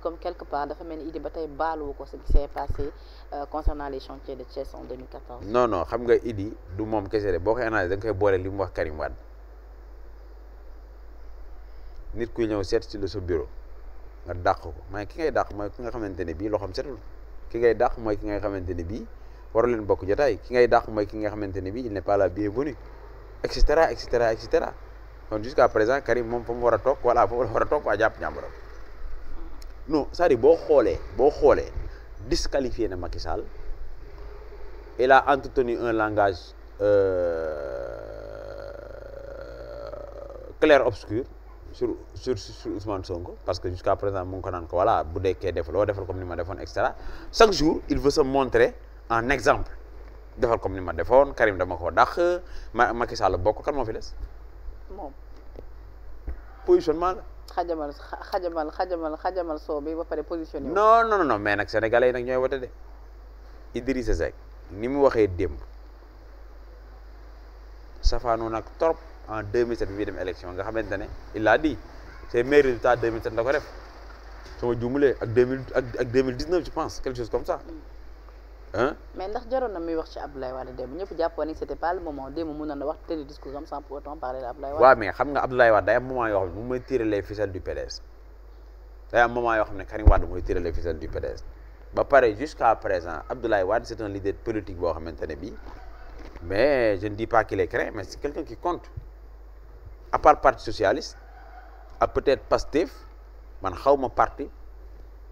comme quelque part dafa mel ni Idy ba tey baaluwu ko ce qui s'est passé euh, concernant les chantiers de Thiès en 2014. non xam nga Idy du moom kese de boo koy analyser da nga koy boole li mu wax Karim Wade nit kuy ñëw seet ci la sa bureau nga dàq ko mais ki ngay dàq mooy ki nga xamante ne bii loxoom setul ki ngay dàq mooy ki nga xamante ne bii waru leen bokk jotaay ki ngay dàq mooy ki nga xamante ne bii il n'est pas la bienvenue et cetera et cetera et cetera kon jusqu'à présent Karim moom fa mu war a toog voilà fa mu war a toog waa jàpp ñàmbaram non cest à boo xoolee boo xoolee disqualifié na Macky Sall il a entretenu un langage euh, clair obscur sur sur sur Ousmane Sonko parce que jusqu'à présent mu ngi ko naan ko voilà bu dekkee def loo defal comme ni ma defoon et cetera chaque jour il veut se montrer en exemple defal comme ni ma defoon Karim dama ko ndax ma Macky Sall bokk kan moo fi des moom. positionnement la. xajamal xajamal xajamal xajamal soo bi ba pare positionné non non non mais nag sénégalais yi nag ñooy wote de Idrissa Seck ni mu waxee démb safaanu nag trop en 2007 bi dem élection nga xamante ne il a dit c'est meilleur résultat 2007 la ko def suma juumulee ak 2000 ak ak 2019 je pense quelque chose comme ça. Mm. ah mais ndax jaroon na muy wax ci Abdoulaye Wade démb ñëpp jàppoon ni c'était pas na wax tenir discours am sans mais xam nga Abdoulaye Wade day am moment yoo xam ne moom mooy tirer les ficelles du PDS day am moment yoo xam ne Karim Wade mooy tirer les du PDS ba pare jusqu'à présent Abdoulaye Wade c'est un leader politique boo xamante ne bii mais je ne dis pas qu'il est craint mais c'est quelqu'un qui compte à part partie socialiste ak peut-être Pastef man xaw ma parti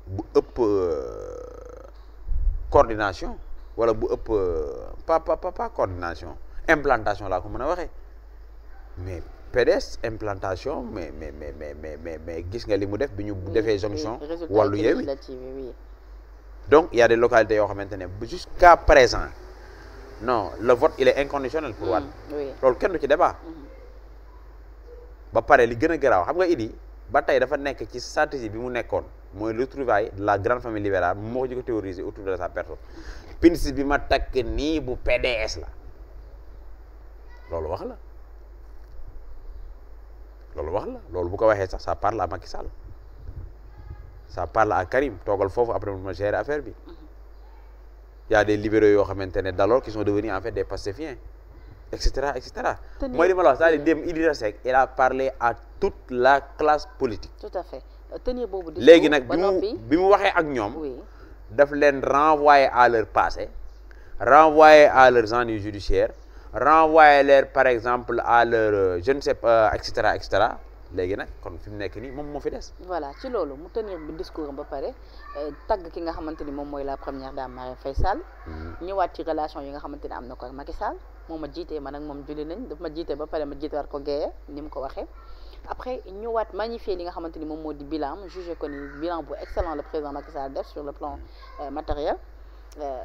bu ëpp euh, coordination wala bu ëpp euh, pas pas pas coordination implantation laa ko mën a waxee mais PDS implantation mais mais mais mais mais mais gis nga li mu def bi ñu defee jonction wàllu yeewi donc il y a des localités yoo xamante ne jusqu'à présent non le vote il est inconditionnel pour Wade mm, loolu kenn du ci débat mm-hmm. ba pare li gën a garaaw xam nga Idi ba tey dafa nekk ci stratégie bi mu nekkoon mooy le trouvaille de la grande famille libérale moo ko jëkk théorisé autour de sa personne pinsis bi ma takk nii bu PDS la loolu wax la loolu wax la loolu bu ko waxee sax ça la à Macky Sall ça parle à Karim toogal foofu après ma gérer affaire bi y a des libéraux yoo xamante ne d'alors qui sont devenus en fait des pastefiens et cetera et cetera mooy li ma la wax c'est-à-dire dem Idrissa Seck il a parlé à tout la classe politique tout tenue boobu di léegi nag bi mu bi mu waxee ak ñoom daf leen renvoyer à leur passé renvoyer à leurs ennuis judiciaires renvoyer leen par exemple à leur euh, je ne sais pas euh, et léegi nag kon fi mu nekk nii moom moo fi des. voilà ci loolu mu tenir bu discours am ba pare euh, tagg ki nga xamante ni moom mooy la première dame Marème Faye Sall. Mm-hmm. ñëwaat ci relation yi nga xamante ne am na ko ak Macky Sall moo ma jiitee ma nag moom julli nañ daf ma jiitee ba pare ma jiite war ko géeyee ni mu ko waxee. après ñëwaat magnifier li nga xamante ni moom moo di bilan jugé ko ni bilan bu excellent le président Macky Sall def sur le plan euh, matériel euh,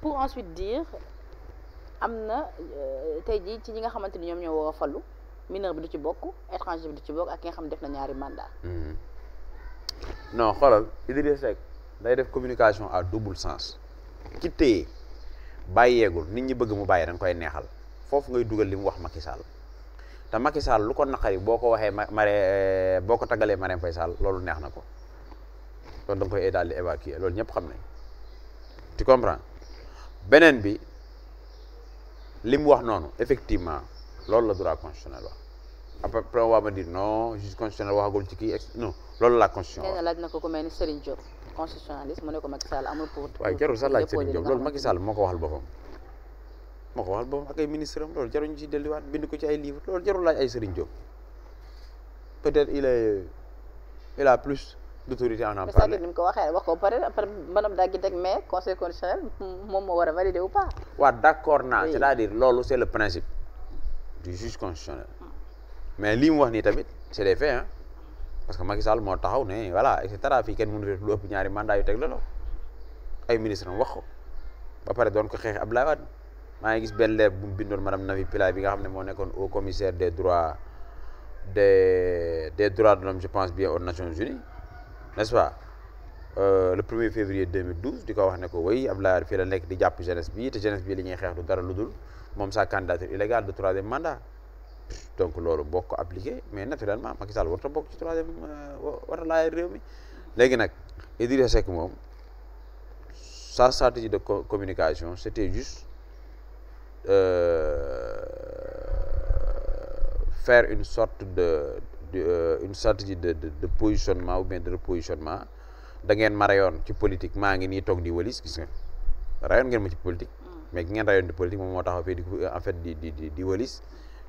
pour ensuite dire am na euh, tey jii ci ñi nga xamante ni ñoom ñoo war a fallu mineur bi du ci bokk étranger bi du ci bokk ak ki nga xam ne def na ñaari mandat mm-hmm. non xoolal Idriss Seck day def communication à double sens ki téye bàyyeegul nit ñi bëgg mu bàyyi da koy neexal foofu ngay dugal li mu wax Macky te Macky Sall lu ko naqari boo ko waxee mare eh, boo ko taggalee Marème Faye Sall loolu neex na ko loolu da koy daal loolu ñëpp xam nañ tu comprends beneen bi li mu wax noonu effectivement loolu la droit constitutionnel wax après on va me dire non juge constitutionnel waxagul ci kii non loolu la constitution. nee na laaj na ko ku mel ni Serigne Diop constitutionnaliste mu ne ko Sall amul pour. waaye laaj loolu Macky Sall moo ko waxal boppam. ma xool boobu ak ay ministre am loolu jaruñu ci delluwaat bind ko ci ay livre loolu jarul laaj ay Serigne Diop peut-être il est il a plus d'autorité en en parler mais ko waxee wax ko pare après maanaam daa teg mais conseil constitutionnel moom moo war a valider ou pas. waaw naa cest à loolu c'est le principe du juge constitutionnel mais lii mu wax nii tamit c'est des faits parce que Macky Sall moo taxaw ne voilà et cetera fii kenn mënu def lu ëpp ñaari mandat yu teg la ay ministre am wax ko ba pare doon ko xeex Abdoulaye Wade maa ngi gis benn lettre bu mu bindoon madame Nafi Pillay bi nga xam ne moo nekkoon au commissaire des droits des des droits de je pense bien aux Nations Unies n'est-ce pas euh, le premier février 2012 di ko wax ne ko woy la Wade fii la nekk di jàpp jeunesse bi te jeunesse bi li ñuy xeex du dara lu dul moom sa candidature illégale de troisième mandat donc loolu boo ko appliqué mais naturellement Macky Sall warta bokk ci troisième euh, warta laay réew mi léegi nag Idrissa Seck moom sa stratégie de communication c'était juste Euh, faire une sorte de, de euh, une stratégie de, de, de positionnement ou bien de repositionnement da ngeen ma rayoon ci politique maa ngi nii toog di walis gis nga rayoon ngeen ma ci politique. Mm. mais ki ngeen rayoon di politique moom moo tax fii di en fait di di di walis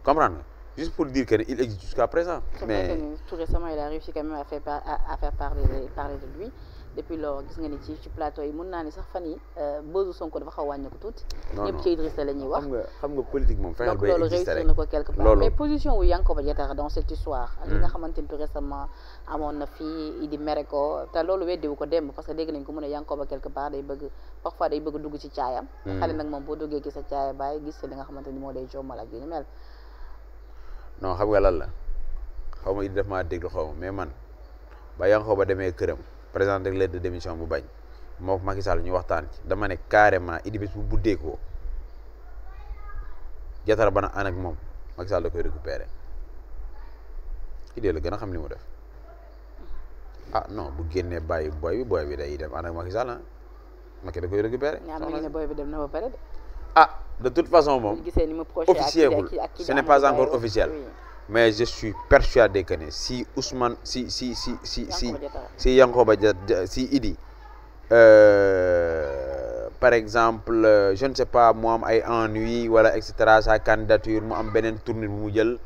comprendre nga. pour dire que il existe jusqu'à présent. mais tout récemment il a réussi quand même à faire parler de lui. depuis lors gis nga ni ci ci plateau yi mun naa ni sax fan yi euh, bësu Sonko dafa xaw wàññi ko tuuti ñëpp ci Idrissa la ñuy wax xam nga xam nga politique moom fexe ba loolu na ko quelque part mais position wu Yankoba Diattara dans cette histoire ak mm. na fii Idi mere ko te loolu weddiwu ko démb parce que dégg nañ ko mun a Yankoba quelque part day bëgg parfois day bëgg dugg ci caayam mm. xale nag moom boo duggee gis a caaya bàyyi gis sa li xamante ni moo lay jommal ak yu ñu mel non xam nga lan la xaw ma Idi daf maa déglu xaw mais man ba Yankoba këram présenté lettre de démission bu bañ moo Macky Sall ñu waxtaan ci dama ne carrément Idi bis bu buddee ko jatara bana an ak moom Macky Sall da koy récupérer Idi la gën a xam li mu def ah non bu génnee bàyyi booy bi booy bi day dem an ak Macky Sall ah Macky da koy récupérer. soxna booy bi dem na ba pare de. ah de toute façon moom. gisee ni mu proche encore officiel. mais je suis persuadé que ne si Ousmane si si si si si si Yankoba Diatta si Idi euh, par exemple euh, je ne pas mu am ay ennui wala et cetera sa candidature mu am beneen tournée mu mu jël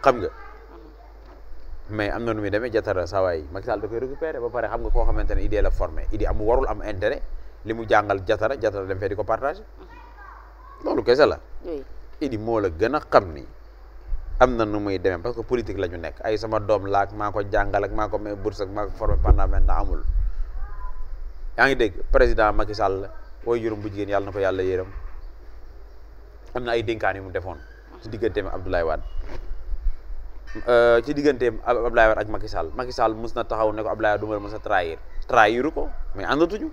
xam nga mais am na nu muy demee Diattara saa waay Macky Sall da koy récupérer ba pare xam nga koo xamante ne Idi la formé Idi am warul am intérêt li mu jàngal Diattara Diattara dem fee di ko partager mhm. loolu kese la Idi moo la gën a xam ni am na nu muy demee parce que politique la ñu nekk ay sama doom laak maa ko jàngal ak maa ko may bourse ak maa ko formé pendant vingt amul yaa ngi dégg président Macky Sall wooy juróom bu jigéen yàlla na ko yàlla yërëm am na ay dénkaan yu mu defoon ci digganteem Abdoulaye Wade euh, ci digganteem Abdoulaye Wade ak Macky Sall Sall mus na taxaw ne ko Abdoulaye Wade du ma mos a trahir trahiru ko mais àndatuñu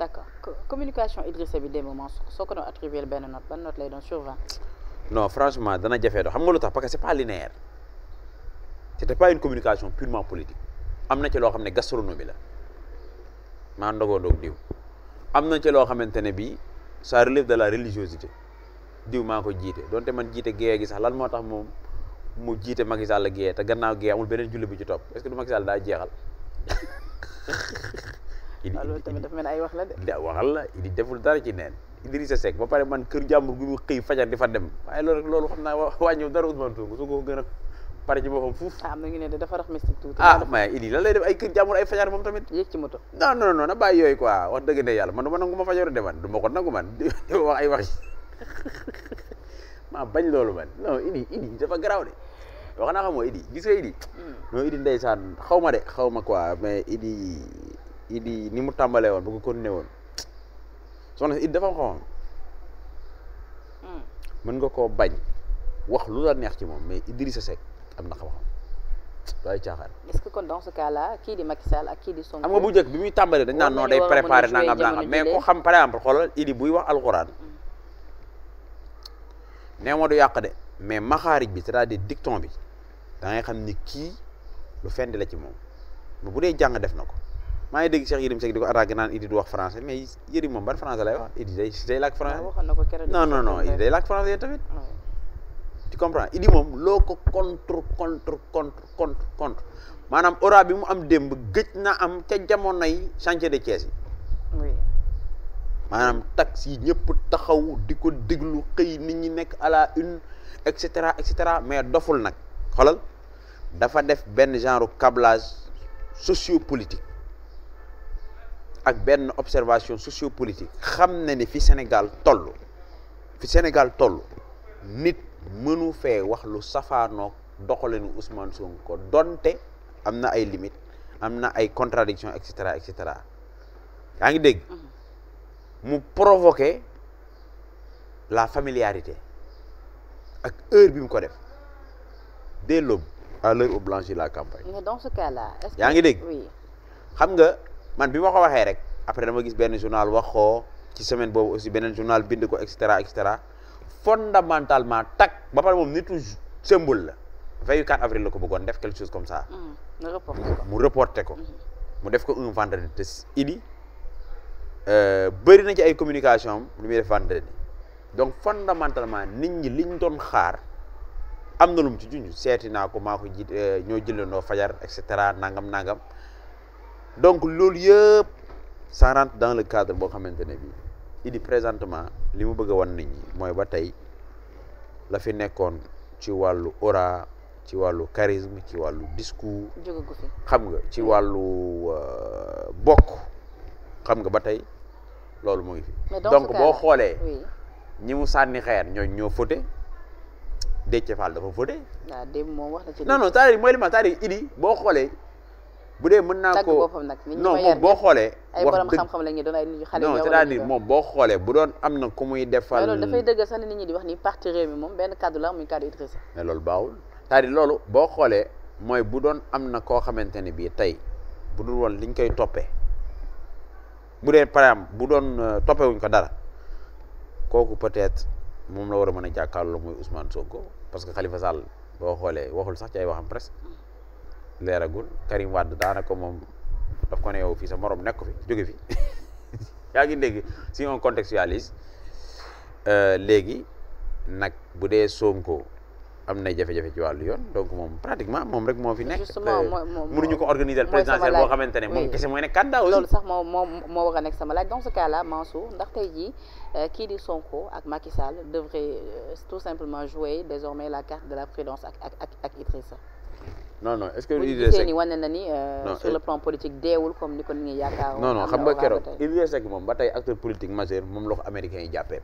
d'accord communication Idrissa bi démb soo ko doon non franchement dana jafee doo xam nga lu tax parce que c'est pas linéaire c'était pas une communication purement politique am na ci loo xam ne gastronomie la maa ndogoo doog diw am na ci loo xamante ne bii ça relève de la religiosité diw maa ko jiite donte man jiite géeyee gi sax lan moo tax mu mu jiite Macky Sall géeyee te gannaaw géeyee amul beneen julli bi ci topp est que du Macky Sall daa jeexal. Ah, loolu tamit daf mel ay wax la de. waxal la di deful dara ci neen. Idrissa Seck ba pare man kër jàmbur gu mu xëy fajar di fa dem waaye loolu rek loolu xam naa wàññiw dara Ousmane Sonko su ko gën a pare ci boppam fuuf ah mu ngi ne de dafa rax mystique tuuti ah mais Idi lan lay def ay kër jàmbur ay fajar moom tamit yéeg ci moto non non non yooyu quoi wax dëgg ne yàlla man du ma nangu ma fajaru de man du ko nangu man di wax ay wax maa bañ loolu man non Idi Idi dafa garaaw de wax naa xam nga Idi gis nga Idi hmm. non Idi ndeysaan xaw ma de xaw ma quoi mais Idi Idi ni mu tàmbalee woon bu ko continué woon soxna sa it dafa xawoon mën nga koo bañ wax lu la neex ci moom mais Idrissa Seck am na xam-xam waaye caaxaan. que kon dans ce cas là kii di Macky Sall ak kii di Sonko. am nga bu njëkk bi muy tàmbalee dañ naan non day préparé nangam nangam mais ko xam par exemple xoolal Idi buy wax alxuraan. Mm. nee ma du yàq de mais maxaarij bi c'est-à-dire dicton bi da xam ni kii lu fend la ci moom bu dee jàng def na ko. maa ngi dégg Cheikh Yérim Seck di ko attaqué naan Idi du wax français mais Yérim moom ban français lay wax Idi day day làkk français non non non Idi day làkk français yéen tamit ah. tu comprends Idi moom loo ko contre contre contre contre contre maanaam aura bi mu am démb gëj na am ca jamono jamonoy chantier de Thiès yi maanaam tax yi ñëpp taxaw di ko déglu xëy nit ñi nekk à la une et cetera et mais doful nag xoolal dafa def benn genre câblage sociopolitique ak benn observation sociopolitique xam na ni fi Sénégal toll fi Sénégal toll nit mënu fee wax lu safaanoog doxalinu Ousmane Sonko donte am na ay limites am na ay contradictions et cetera et cetera yaa ngi dégg mhm. mu provoquer la familiarité ak heure bi mu ko def dès l'aube à l'heure la campagne. yaa ngi dégg xam nga. man bi ma ko waxee rek après dama gis benn journal wax ko ci semaine boobu aussi beneen journal bind ko et cetera et cetera fondamentalement tak ba pare moom nitu symbole la veille 4 avril la ko bëggoon def quelque chose comme ça. Mm, mu reporté ko mm-hmm. mu def ko un vendredi te idi euh, bëri na ci ay communication lu muy def vendredi donc nit ñi liñ doon xaar am na lum ci junj seeti naa ko maa ko ji euh, ñoo jëlandoo fajar et cetera nangam nangam. donc loolu yëpp ça rentre dans le cadre boo xamante ne bi idi présentement li mu bëgg a wan nit ñi mooy ba tey la fi nekkoon ci wàllu ora ci wàllu charisme ci wàllu discours xam nga ci wàllu euh, bokk xam nga ba tey loolu mooy ngi fi donc boo xoolee ñi mu sànni xeer ñoo ñoo fóote Déthié Fall dafa fóote non non mooy li ma cest à boo xoolee bu dee mën naa ko non moom boo xoolee ay borom xam-xam la ñu doon ay nit ñu xale non moom boo xoolee bu doon am na ku muy defal loolu dafay dëgg sax nit ñi di wax ni parti réew mi moom benn kaddu la muy loolu boo xoolee mooy bu doon am na koo xamante ne bii tey bu dul woon liñ koy toppee bu dee par bu doon euh, toppewuñ ko dara kooku peut-être moom la war a mën a jàkkaarloo mooy Ousmane ko parce que Khalifa Sall boo xoolee waxul sax ci ay waxam presque leeragul Karim Wade daanaka moom daf ko ne yow fii sa morom nekk fi jóge fi yaa ngi dégg si on contextualise euh, léegi nag bu dee Sonko am na jafe-jafe ci wàllu yoon donc moom pratiquement moom rek moo fi nekk. justement euh, moom mënuñu ko organiser présidentielle boo xamante ne moom kese mooy nekk candidat aussi. loolu sax moo moo moo war a sama laaj dans ce cas là Mansour ndax tey euh, kii di Sonko ak Macky Sall devrait tout simplement jouer désormais la carte de la prudence ak ak ak non non est-ce que Idrissa Seck wane na euh, sur le plan politique deewul comme ni ko nit ñi yaakaar non non xam nga keroog Idrissa Seck moom ba tey acteur politique majeur moom la ko américains yi jàppee